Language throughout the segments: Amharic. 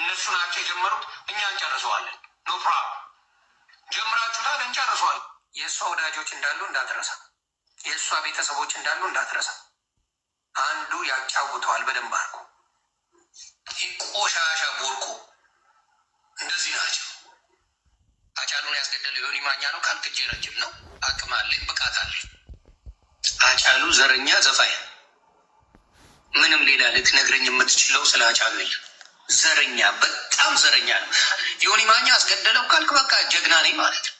እነሱ ናቸው የጀመሩት፣ እኛ እንጨርሰዋለን። ኖ ፕሮብለም ጀምራችሁታል፣ እንጨርሰዋለን። የእሷ ወዳጆች እንዳሉ እንዳትረሳ፣ የእሷ ቤተሰቦች እንዳሉ እንዳትረሳ። አንዱ ያጫውተዋል በደንብ አድርጎ። ቆሻሻ ቦርቆ እንደዚህ ናቸው። አጫሉን ያስገደለው ዮኒ ማኛ ነው። ካልቅጄ ረጅም ነው፣ አቅም አለ፣ ብቃት አለ። አጫሉ ዘረኛ ዘፋያ ምንም ሌላ ልትነግረኝ የምትችለው ስለ አጫሉ የለም። ዘረኛ፣ በጣም ዘረኛ ነው። ዮኒ ማኛ አስገደለው ካልክ በቃ ጀግና ነኝ ማለት ነው።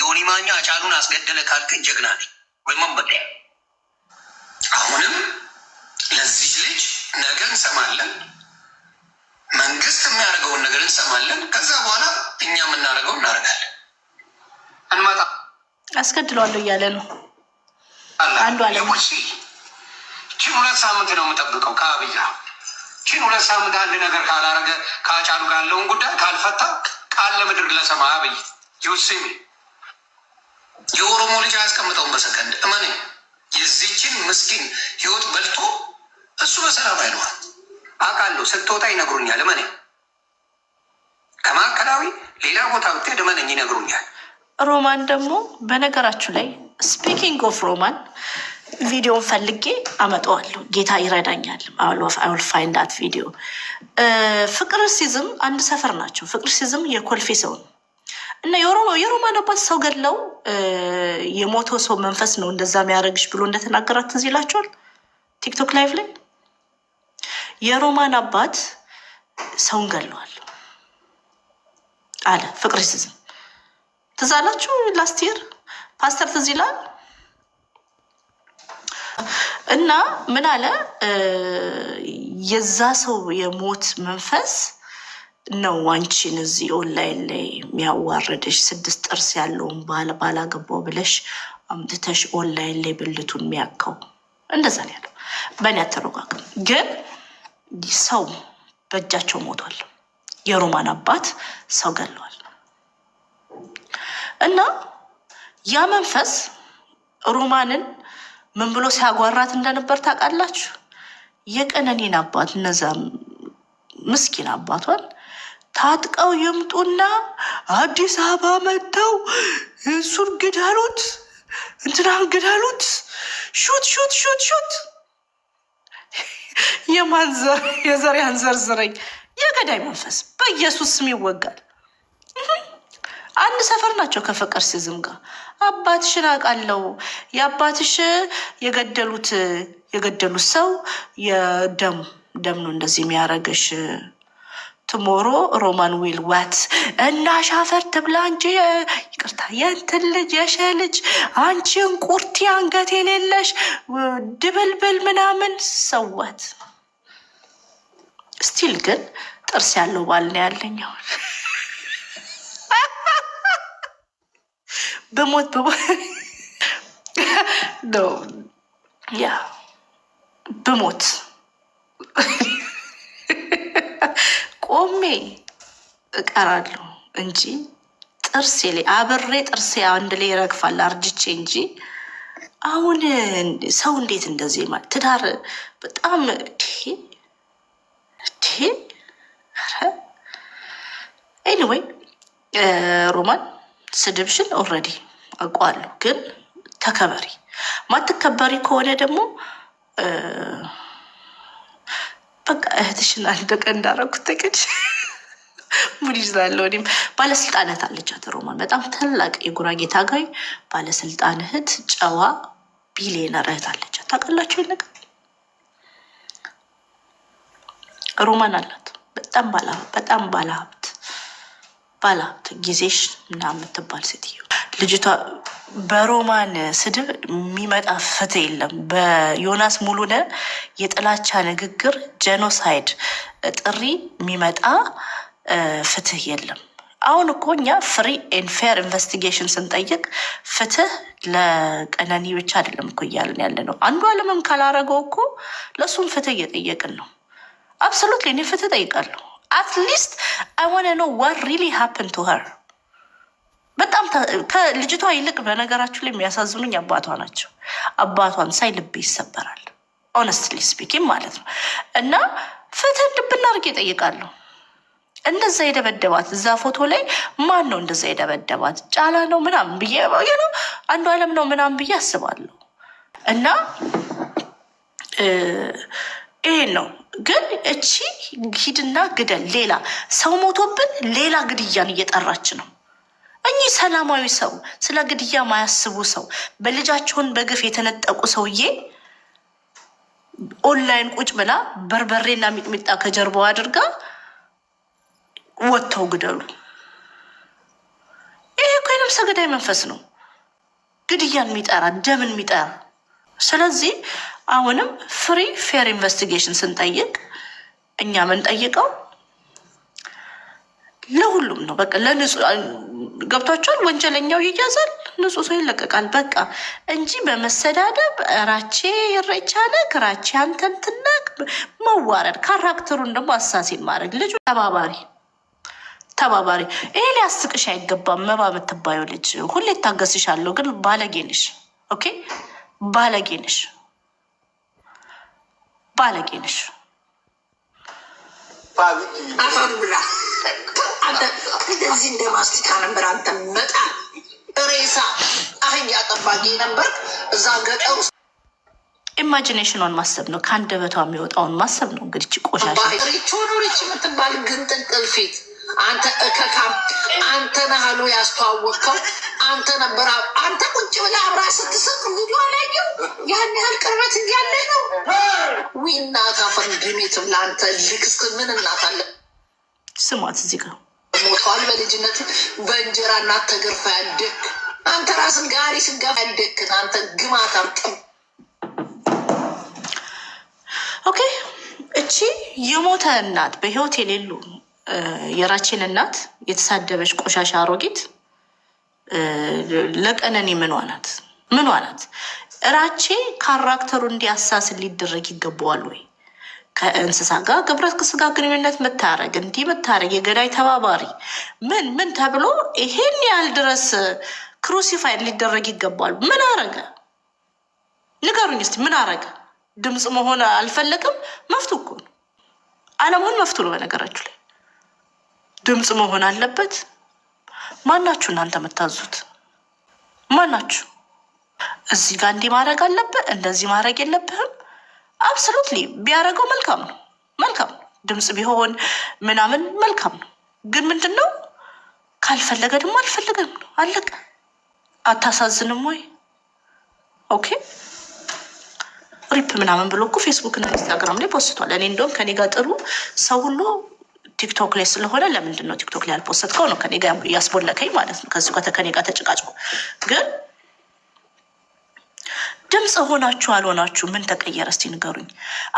ዮኒ ማኛ አጫሉን አስገደለ ካልክን ጀግና ነኝ ወይም አንበዳይ። አሁንም ለዚህ ልጅ ነገ እንሰማለን፣ መንግስት የሚያደርገውን ነገር እንሰማለን። ከዛ በኋላ እኛ የምናደርገው እናደርጋለን። እንመጣ አስገድለዋለሁ እያለ ነው አንዱ አለ። ቺን ሁለት ሳምንት ነው የምጠብቀው ከአብያ ቺን ሁለት ሳምንት አንድ ነገር ካላረገ ከአጫሉ ጋር ያለውን ጉዳይ ካልፈታ ቃል ለምድር ለሰማ አብይ ዩሴሚ የኦሮሞ ልጅ አያስቀምጠውን በሰከንድ እመን የዚችን ምስኪን ህይወት በልቶ እሱ በሰላም አይለዋል። አውቃለሁ። ስትወጣ ይነግሩኛል። እመን ከማዕከላዊ ሌላ ቦታ ብትሄድ እመነኝ ይነግሩኛል። ሮማን ደግሞ በነገራችሁ ላይ ስፒኪንግ ኦፍ ሮማን ቪዲዮን ፈልጌ አመጣዋለሁ። ጌታ ይረዳኛል። አውል ፋይንድ ዳት ቪዲዮ ፍቅር ሲዝም አንድ ሰፈር ናቸው። ፍቅር ሲዝም የኮልፌ ሰው ነው። እና የሮማን አባት ሰው ገለው የሞተ ሰው መንፈስ ነው እንደዛ የሚያደርግሽ ብሎ እንደተናገራት ትዝ ይላችኋል። ቲክቶክ ላይቭ ላይ የሮማን አባት ሰውን ገለዋል አለ። ፍቅር ሲዝም ትዝ አላችሁ ላስት ይር ፓስተር ትዝ ይላል። እና ምን አለ የዛ ሰው የሞት መንፈስ ነው አንቺን እዚህ ኦንላይን ላይ የሚያዋረደሽ ስድስት ጥርስ ያለውን ባል ባላገባው ብለሽ አምጥተሽ ኦንላይን ላይ ብልቱ የሚያካው እንደዛ ነው ያለው። በእኔ አተረጓግም ግን ሰው በእጃቸው ሞቷል። የሮማን አባት ሰው ገለዋል። እና ያ መንፈስ ሮማንን ምን ብሎ ሲያጓራት እንደነበር ታውቃላችሁ? የቀነኔን አባት እነዛ ምስኪን አባቷን ታጥቀው ይምጡና አዲስ አበባ መጥተው እሱን ግደሉት፣ እንትናን ግደሉት፣ ሹት ሹት ሹት ሹት። የማንዘር የዘር ያንዘርዝረኝ የገዳይ መንፈስ በኢየሱስ ስም ይወጋል። አንድ ሰፈር ናቸው ከፍቅር ሲዝም ጋር አባትሽን አውቃለሁ። የአባትሽ የገደሉት የገደሉት ሰው የደም ደም ነው እንደዚህ የሚያረገሽ ትሞሮ ሮማን ዊል ዋት እና ሻፈር ትብላ እንጂ ይቅርታ፣ የእንትን ልጅ የሸ ልጅ አንቺ እንቁርቲ አንገት የሌለሽ ድብልብል ምናምን ሰዋት። ስቲል ግን ጥርስ ያለው ባል ነው ያለኝ። በሞት በሞት ያ ብሞት ቆሜ እቀራለሁ እንጂ ጥርሴ ላይ አብሬ ጥርሴ አንድ ላይ ይረግፋል አርጅቼ እንጂ አሁን ሰው እንዴት እንደዚህ ማለት ትዳር በጣም ኤኒዌይ ሮማን ስድብሽን ኦልሬዲ አውቀዋለሁ፣ ግን ተከበሪ። ማትከበሪ ከሆነ ደግሞ በቃ እህትሽን አልበቀ እንዳረኩት ተቀድ ሙድ ይዛለው። እኔም ባለስልጣናት አለቻት ሮማን፣ በጣም ታላቅ የጉራጌ ታጋይ ባለስልጣን እህት፣ ጨዋ ቢሊየነር እህት አለቻት። ታውቃላችሁ ይነቃል ሮማን አላት። በጣም ባለሀብት በጣም ባለሀብት ባለሀብት ጊዜሽ ምናምን የምትባል ሴትዮ ልጅቷ በሮማን ስድብ የሚመጣ ፍትህ የለም። በዮናስ ሙሉነ የጥላቻ ንግግር ጀኖሳይድ ጥሪ የሚመጣ ፍትህ የለም። አሁን እኮ እኛ ፍሪ ኤን ፌር ኢንቨስቲጌሽን ስንጠይቅ ፍትህ ለቀነኒ ብቻ አይደለም እኮ እያልን ያለ ነው። አንዱ አለምም ካላረገው እኮ ለእሱም ፍትህ እየጠየቅን ነው። አብሶሉትሊ እኔ ፍትህ ጠይቃለሁ። አትሊስት አይ ዋን ኖ ዋት ሪሊ ሃፕን ቱ ሀር በጣም ከልጅቷ ይልቅ በነገራችሁ ላይ የሚያሳዝኑኝ አባቷ ናቸው። አባቷን ሳይ ልቤ ይሰበራል። ኦነስትሊ ስፒኪንግ ማለት ነው። እና ፍትህ እንድብና አድርጌ ይጠይቃሉ። እንደዛ የደበደባት እዛ ፎቶ ላይ ማን ነው እንደዛ የደበደባት? ጫላ ነው ምናምን ብዬ ነው አንዱ አለም ነው ምናምን ብዬ አስባለሁ። እና ይሄን ነው ግን እቺ ሂድና ግደል ሌላ ሰው ሞቶብን ሌላ ግድያን እየጠራች ነው እኚህ ሰላማዊ ሰው፣ ስለ ግድያ ማያስቡ ሰው፣ በልጃቸውን በግፍ የተነጠቁ ሰውዬ ኦንላይን ቁጭ ብላ በርበሬና ሚጥሚጣ ከጀርባው አድርጋ ወጥተው ግደሉ። ይሄ እኮ የነፍሰ ገዳይ መንፈስ ነው፣ ግድያን የሚጠራ ደምን የሚጠራ። ስለዚህ አሁንም ፍሪ ፌር ኢንቨስቲጌሽን ስንጠይቅ እኛ የምንጠይቀው ለሁሉም ነው። በቃ ለንጹ ገብቷቸውን ወንጀለኛው ይያዛል፣ ንጹህ ሰው ይለቀቃል። በቃ እንጂ በመሰዳደብ ራቼ ይረቻለ ክራቼ አንተን ትናቅ መዋረድ፣ ካራክተሩን ደግሞ አሳሴን ማድረግ ልጁ ተባባሪ ተባባሪ ይሄ ሊያስቅሽ አይገባም። መባ የምትባየው ልጅ ሁሌ ታገስሻለሁ፣ ግን ባለጌንሽ ኦኬ፣ ባለጌንሽ ባለጌንሽ አንተ እንደዚህ እንደ ማስቲካ ነበር አንተ መጣ ሬሳ አህያ ጠባቂ ነበር እዛ ገጠር ውስጥ። ኢማጂኔሽኗን ማሰብ ነው፣ ከአንደበቷ የሚወጣውን ማሰብ ነው። እንግዲህ ቆሻሻ ሪቾኖሪች የምትባል ግንጥልጥል ፊት አንተ እከካም አንተ ነህሉ ያስተዋወቅከው አንተ ነበር። አንተ ቁጭ ብላ አብራ ስትስቅ ቪዲዮ አላየው። ያን ያህል ቅርበት እያለ ነው ዊና ካፈንድሜትም ለአንተ ልክስ ምን እናታለን ስሟት እዚህ ጋር ሞተዋል። በልጅነት በእንጀራ እናት ተገርፋ ያደክ አንተ ራስን ጋሪ ስንገፋ ያደክን አንተ ግማት አምጥም። ኦኬ እቺ የሞተ እናት በህይወት የሌሉ የራችን እናት የተሳደበች ቆሻሻ አሮጊት ለቀነኔ ምኗ ናት? ምኗ ናት? እራቼ ካራክተሩ እንዲያሳስን ሊደረግ ይገባዋል ወይ? ከእንስሳ ጋር ግብረት ስጋ ግንኙነት መታረግ እንዲህ መታረግ የገዳይ ተባባሪ ምን ምን ተብሎ ይሄን ያህል ድረስ ክሩሲፋይ ሊደረግ ይገባል። ምን አረገ ንገሩኝ እስኪ ምን አረገ? ድምፅ መሆን አልፈለግም። መፍቱ እኮ አለመሆን መፍቱ ነው። በነገራችሁ ላይ ድምፅ መሆን አለበት። ማናችሁ እናንተ የምታዙት ማናችሁ? እዚህ ጋር እንዲህ ማድረግ አለብህ እንደዚህ ማድረግ የለብህም አብሶሉትሊ ቢያደርገው መልካም ነው፣ መልካም ነው። ድምፅ ቢሆን ምናምን መልካም ነው። ግን ምንድን ነው ካልፈለገ ደግሞ አልፈለገም ነው፣ አለቀ። አታሳዝንም ወይ? ኦኬ ሪፕ ምናምን ብሎ እኮ ፌስቡክ እና ኢንስታግራም ላይ ፖስቷል። እኔ እንደውም ከኔ ጋር ጥሩ ሰው ሁሉ ቲክቶክ ላይ ስለሆነ ለምንድን ነው ቲክቶክ ላይ ያልፖሰትከው ነው ከኔ ጋር ያስቦለከኝ ማለት ነው። ከዚ ከኔ ጋር ተጨቃጭቆ ግን ድምፅ ሆናችሁ አልሆናችሁ ምን ተቀየረ? እስቲ ንገሩኝ።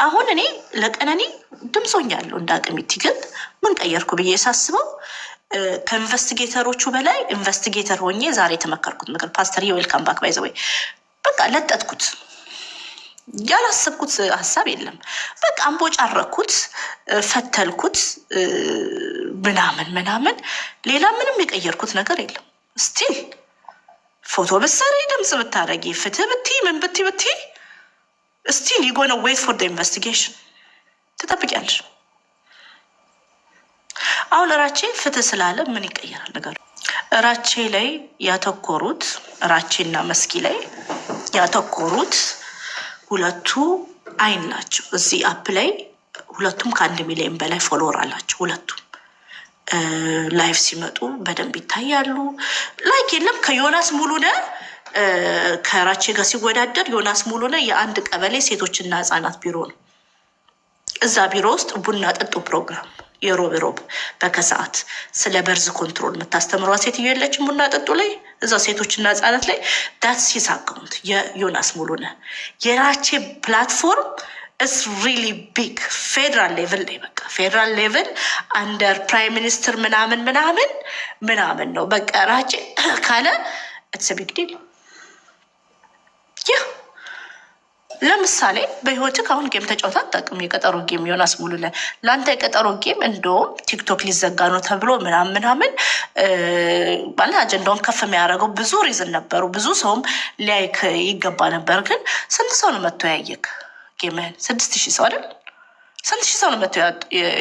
አሁን እኔ ለቀነኒ ድምፅ ሆኛለሁ እንደ አቅሚቲ፣ ግን ምን ቀየርኩ ብዬ ሳስበው ከኢንቨስቲጌተሮቹ በላይ ኢንቨስቲጌተር ሆኜ ዛሬ የተመከርኩት ምክር ፓስተር የዌልካም ባክ ባይዘ ወይ በቃ ለጠጥኩት። ያላሰብኩት ሀሳብ የለም። በቃ ጫረኩት፣ ፈተልኩት፣ ምናምን ምናምን። ሌላ ምንም የቀየርኩት ነገር የለም ስቲል ፎቶ ብትሰሪ፣ ድምፅ ብታደረጊ፣ ፍትህ ብቲ ምን ብቲ ብቲ ስቲል ዩ ጎነ ዌይት ፎር ኢንቨስቲጌሽን ትጠብቂያለሽ። አሁን እራቼ ፍትህ ስላለ ምን ይቀየራል ነገሩ? እራቼ ላይ ያተኮሩት እራቼና መስኪ ላይ ያተኮሩት ሁለቱ አይን ናቸው። እዚህ አፕ ላይ ሁለቱም ከአንድ ሚሊዮን በላይ ፎሎወር አላቸው ሁለቱም ላይፍ ሲመጡ በደንብ ይታያሉ። ላይክ የለም ከዮናስ ነ ከራቼ ጋር ሲወዳደር ዮናስ ነ የአንድ ቀበሌ ሴቶችና ህጻናት ቢሮ ነው። እዛ ቢሮ ውስጥ ቡና ጠጡ ፕሮግራም የሮብ ሮብ በከሰዓት ስለ በርዝ ኮንትሮል የምታስተምረዋ ሴትዮ የለችም። ቡና ጠጡ ላይ እዛ ሴቶችና ህጻናት ላይ ዳትስ ሂዝ አካውንት የዮናስ ሙሉነህ የራቼ ፕላትፎርም ኢስ ሪሊ ቢግ ፌዴራል ሌቭል ላይ በቃ ፌዴራል ሌቭል አንደር ፕራይም ሚኒስትር ምናምን ምናምን ምናምን ነው በቃ ራጭ ካለ ኢትስ ቢግ ዲል። ይህ ለምሳሌ በህይወትህ አሁን ጌም ተጫውታ አታውቅም። የቀጠሮ ጌም ዮናስ ሙሉለ ለአንተ የቀጠሮ ጌም እንደውም ቲክቶክ ሊዘጋ ነው ተብሎ ምናምን ምናምን ባለ አጀንዳውን ከፍ የሚያደርገው ብዙ ሪዝን ነበሩ። ብዙ ሰውም ሊያይክ ይገባ ነበር። ግን ስንት ሰው ነው መጥቶ ያየክ? ጌመን ስድስት ሺህ ሰው አይደል? ስንት ሺህ ሰው ነው መቶ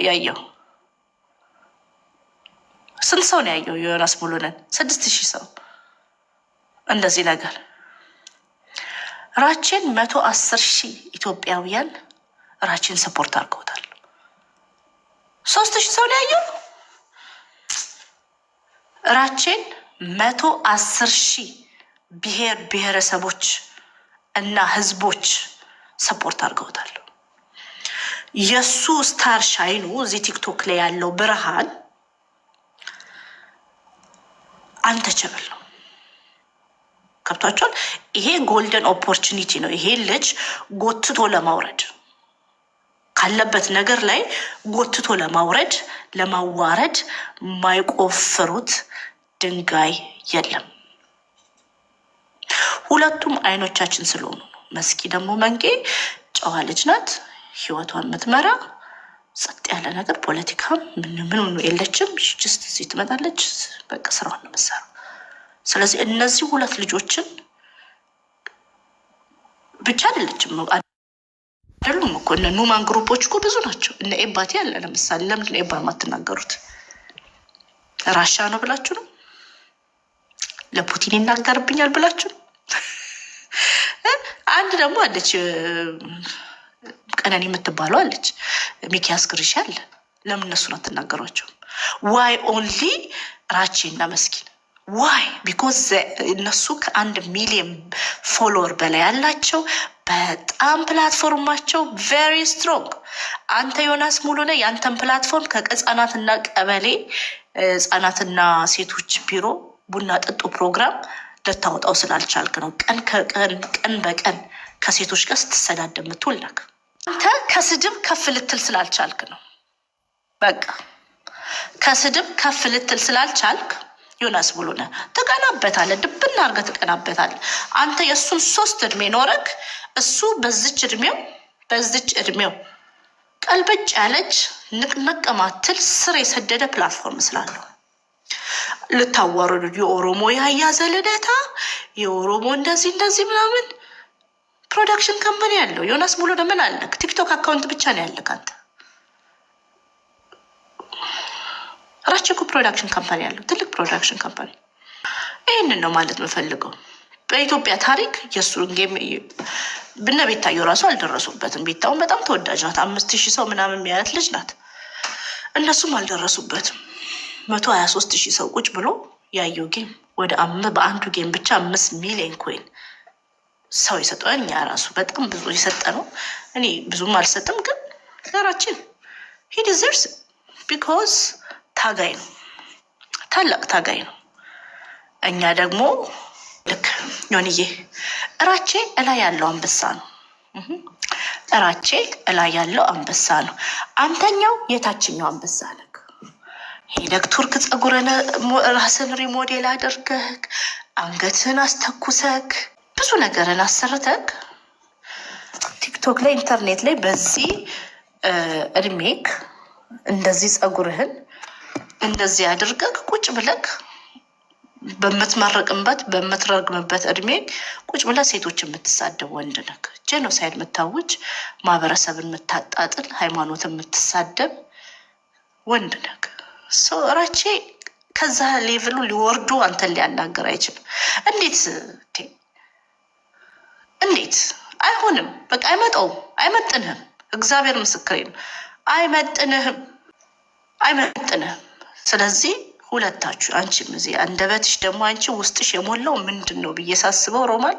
ያየው? ስንት ሰው ነው ያየው? ዮናስ ሙሉንን ስድስት ሺህ ሰው እንደዚህ ነገር ራችን መቶ አስር ሺህ ኢትዮጵያውያን ራችን ሰፖርት አድርገውታል። ሶስት ሺህ ሰው ነው ያየው ራችን መቶ አስር ሺህ ብሔር ብሔረሰቦች እና ህዝቦች ሰፖርት አድርገውታል። የእሱ ስታር ሻይኑ እዚህ ቲክቶክ ላይ ያለው ብርሃን ችብል ነው። ከብቷቸውን ይሄ ጎልደን ኦፖርቹኒቲ ነው። ይሄ ልጅ ጎትቶ ለማውረድ ካለበት ነገር ላይ ጎትቶ ለማውረድ ለማዋረድ ማይቆፍሩት ድንጋይ የለም። ሁለቱም አይኖቻችን ስለሆኑ ነው። መስኪ ደግሞ መንጌ ጨዋ ልጅ ናት፣ ህይወቷን የምትመራ ጸጥ ያለ ነገር ፖለቲካም ምን የለችም። ጅስት እዚህ ትመጣለች፣ በቃ ስራውን ነው የምትሰራው። ስለዚህ እነዚህ ሁለት ልጆችን ብቻ አይደለችም አይደሉም እኮ እነ ኑማን ግሩፖች እኮ ብዙ ናቸው። እነ ኤባቴ አለ ለምሳሌ ለምንድን ነው ኤባ የማትናገሩት? ራሻ ነው ብላችሁ ነው ለፑቲን ይናገርብኛል ብላችሁ ነው አንድ ደግሞ አለች ቀነኒ የምትባለው አለች። ሚኪያስ ግርሻ አለ። ለምን እነሱን አትናገሯቸውም? ዋይ ኦንሊ ራቼ እና መስኪን ዋይ ቢኮዝ እነሱ ከአንድ ሚሊየን ፎሎወር በላይ ያላቸው በጣም ፕላትፎርማቸው ቨሪ ስትሮንግ። አንተ ዮናስ ሙሉ ነ የአንተን ፕላትፎርም ከህጻናትና ቀበሌ ህጻናትና ሴቶች ቢሮ ቡና ጠጡ ፕሮግራም ልታወጣው ስላልቻልክ ነው። ቀን ከቀን ቀን በቀን ከሴቶች ጋር ስትሰዳደብ የምትውል አንተ ከስድብ ከፍ ልትል ስላልቻልክ ነው። በቃ ከስድብ ከፍ ልትል ስላልቻልክ ዮናስ ብሎ ትቀናበታለ ድብና አድርገህ ትቀናበታለህ። አንተ የእሱን ሶስት እድሜ ኖረክ እሱ በዝች እድሜው በዝች እድሜው ቀልበጭ ያለች ንቅነቅ ማትል ስር የሰደደ ፕላትፎርም ስላለው ልታዋርዱ የኦሮሞ ያያዘ ልደታ የኦሮሞ እንደዚህ እንደዚህ ምናምን ፕሮዳክሽን ካምፓኒ ያለው ዮናስ ሙሉ ምን አለክ? ቲክቶክ አካውንት ብቻ ነው ያለ ካንተ ራቸኩ ፕሮዳክሽን ካምፓኒ ያለው ትልቅ ፕሮዳክሽን ካምፓኒ። ይህንን ነው ማለት የምፈልገው። በኢትዮጵያ ታሪክ የእሱ ብነ ቤታየው ራሱ አልደረሱበትም። ቤታውን በጣም ተወዳጅ ናት። አምስት ሺህ ሰው ምናምን የሚያያት ልጅ ናት። እነሱም አልደረሱበትም። መቶ ሀያ ሶስት ሺህ ሰው ቁጭ ብሎ ያየው ጌም ወደ በአንዱ ጌም ብቻ አምስት ሚሊዮን ኮይን ሰው የሰጠን እኛ ራሱ በጣም ብዙ የሰጠ ነው። እኔ ብዙም አልሰጥም፣ ግን ዘራችን ሂ ዲዘርቭስ ቢኮዝ ታጋይ ነው፣ ታላቅ ታጋይ ነው። እኛ ደግሞ ልክ ዮንዬ እራቼ እላይ ያለው አንበሳ ነው። እራቼ እላይ ያለው አንበሳ ነው። አንተኛው የታችኛው አንበሳ ነው። ሄደክ ቱርክ ጸጉረ ራስን ሪሞዴል አድርገህ አንገትህን አስተኩሰክ ብዙ ነገርን አሰርተክ ቲክቶክ ላይ ኢንተርኔት ላይ በዚህ እድሜክ እንደዚህ ጸጉርህን እንደዚህ አድርገክ ቁጭ ብለክ በምትመረቅምበት በምትረግምበት እድሜ ቁጭ ብለ ሴቶች የምትሳደብ ወንድ ነክ ጄኖሳይድ የምታውጅ ማህበረሰብን የምታጣጥል ሃይማኖት የምትሳደብ ወንድ ነክ ራቼ ከዛ ሌቭሉ ሊወርዱ አንተን ሊያናገር አይችልም። እንዴት እንዴት አይሆንም። በቃ አይመጣውም፣ አይመጥንህም። እግዚአብሔር ምስክሬ ነው። አይመጥንህም፣ አይመጥንህም። ስለዚህ ሁለታችሁ አንቺም እዚህ አንደበትሽ ደግሞ አንቺ ውስጥሽ የሞላው ምንድን ነው ብዬ ሳስበው ሮማን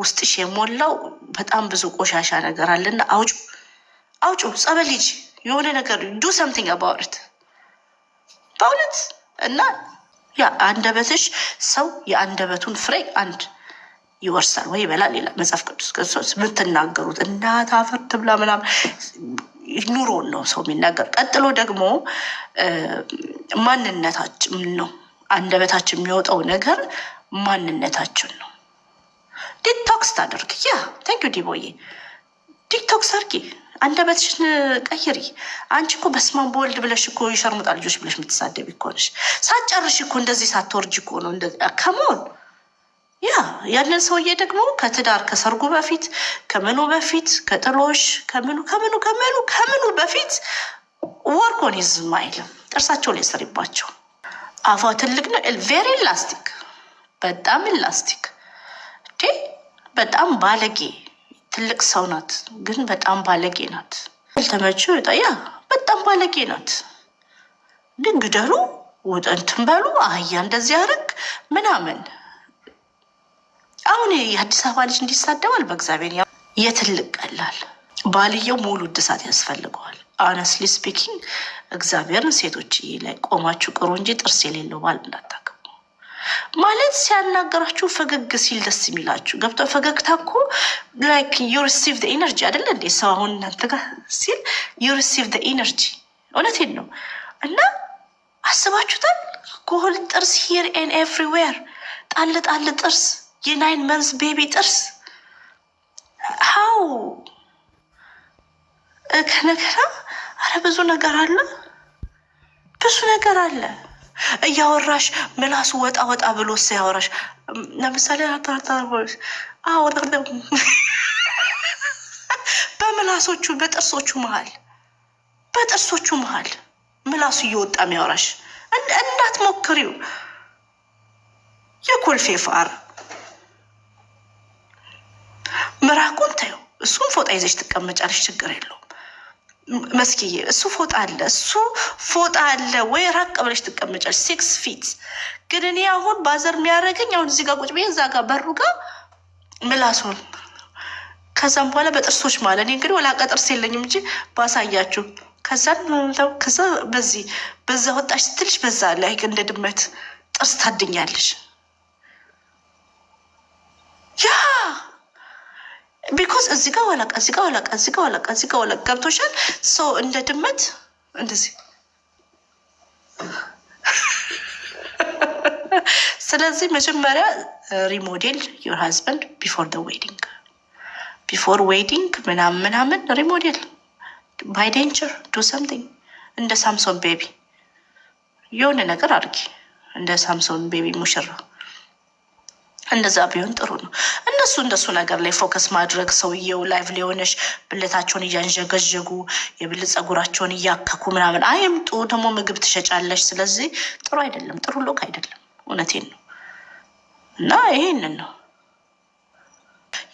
ውስጥሽ የሞላው በጣም ብዙ ቆሻሻ ነገር አለና አውጩ፣ አውጩ፣ ጸበል ሂጂ፣ የሆነ ነገር ዱ ሰምቲንግ አባውት በእውነት እና ያ አንደበትሽ ሰው የአንደበቱን ፍሬ አንድ ይወርሳል ወይ ይበላል ይላል መጽሐፍ ቅዱስ ክርስቶስ። የምትናገሩት እናት አፈር ትብላ ምናምን ኑሮን ነው ሰው የሚናገር። ቀጥሎ ደግሞ ማንነታችን ነው። አንደበታችን የሚወጣው ነገር ማንነታችን ነው። ዲቶክስ ታደርግ ያ ታንኪዩ ዲቦዬ ዲቶክስ አድርጊ። አንደበትሽን ቀይሪ። አንቺ እኮ በስማን በወልድ ብለሽ እኮ ይሸርሙጣ ልጆች ብለሽ የምትሳደብ እኮ ነሽ። ሳትጨርሽ እኮ እንደዚህ ሳትወርጅ እኮ ነው ከመሆን ያ ያንን ሰውዬ ደግሞ ከትዳር ከሰርጉ በፊት ከምኑ በፊት ከጥሎሽ ከምኑ ከምኑ ከምኑ ከምኑ በፊት ወርኮን ይዝም አይልም። ጥርሳቸው ላይ ስሪባቸው። አፏ ትልቅ ነው። ቬሪ ኢላስቲክ፣ በጣም ኢላስቲክ፣ በጣም ባለጌ ትልቅ ሰው ናት፣ ግን በጣም ባለጌ ናት። ልተመቸው ያ በጣም ባለጌ ናት። ግን ግደሉ፣ ውጠንትን በሉ፣ አህያ እንደዚህ አርግ ምናምን። አሁን የአዲስ አበባ ልጅ እንዲሳደባል በእግዚአብሔር የትልቅ ቀላል ባልየው ሙሉ እድሳት ያስፈልገዋል። አነስሊ ስፒኪንግ እግዚአብሔርን ሴቶች ላይ ቆማችሁ ቅሩ እንጂ ጥርስ የሌለው ባል እንዳታ ማለት ሲያናገራችሁ ፈገግ ሲል ደስ የሚላችሁ ገብቶ ፈገግታ እኮ ላይክ ዩ ሪሲቭ ኤነርጂ አይደለ እንዴ? ሰው አሁን እናንተ ጋር ሲል ዩ ሪሲቭ ኤነርጂ እውነቴን ነው። እና አስባችሁታል? ጎል ጥርስ ሂር ኤን ኤቭሪዌር ጣል ጣል ጥርስ የናይን መንስ ቤቢ ጥርስ ሀው ከነገራ አረ ብዙ ነገር አለ፣ ብዙ ነገር አለ። እያወራሽ ምላሱ ወጣ ወጣ ብሎ ሲያወራሽ ለምሳሌ በምላሶቹ በጥርሶቹ መሀል በጥርሶቹ መሀል ምላሱ እየወጣ የሚያወራሽ ሞክሪው የኮልፌ ፋር ምራቁን ታዩ። እሱም ፎጣ ይዘሽ ትቀመጫለሽ፣ ችግር የለው። መስኪዬ እሱ ፎጣ አለ እሱ ፎጣ አለ ወይ ራቅ ብለሽ ትቀመጫለሽ። ሲክስ ፊት ግን እኔ አሁን ባዘር የሚያደርገኝ አሁን እዚህ ጋር ቁጭ ብዬ እዛ ጋር በሩ ጋር ምላሶን ከዛም በኋላ በጥርሶች ማለት እኔ እንግዲህ ወላቀ ጥርስ የለኝም እንጂ ባሳያችሁ። ከዛን ከዛ በዚህ በዛ ወጣች ስትልሽ በዛ ላይ እንደ ድመት ጥርስ ታድኛለሽ ያ ቢኮዝ እዚህ ጋር ወለቃ እዚህ ጋር ወለቃ እዚህ ጋር ወለቃ እዚህ ጋር ወለቃ ገብቶሻል። ሰው እንደ ድመት እንደዚህ ስለዚህ መጀመሪያ ሪሞዴል ዩር ሀዝበንድ ቢፎር ደ ዌዲንግ ቢፎር ዌዲንግ ምናምን ምናምን ሪሞዴል ባይ ዴንቸር ዱ ሰምቲንግ እንደ ሳምሶን ቤቢ የሆነ ነገር አድርጊ። እንደ ሳምሶን ቤቢ ሙሽራ እንደዛ ቢሆን ጥሩ ነው። እንደሱ እንደሱ ነገር ላይ ፎከስ ማድረግ ሰውየው ላይቭ ሊሆነሽ ብልታቸውን እያንዠገዠጉ የብልት ጸጉራቸውን እያከኩ ምናምን አይምጡ። ደግሞ ምግብ ትሸጫለሽ። ስለዚህ ጥሩ አይደለም፣ ጥሩ ሎክ አይደለም። እውነቴን ነው እና ይሄንን ነው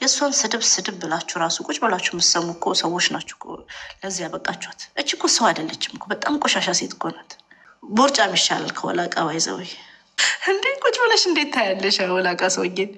የእሷን ስድብ ስድብ ብላችሁ ራሱ ቁጭ ብላችሁ የምትሰሙ እኮ ሰዎች ናችሁ። ለዚህ ያበቃችኋት። እች እኮ ሰው አይደለችም እኮ በጣም ቆሻሻ ሴት እኮ ናት። ቦርጫም ይሻላል ከወላቃ ባይዘዊ እንዴ! ቁጭ ብለሽ እንዴት ታያለሽ ወላቃ ሰውዬን?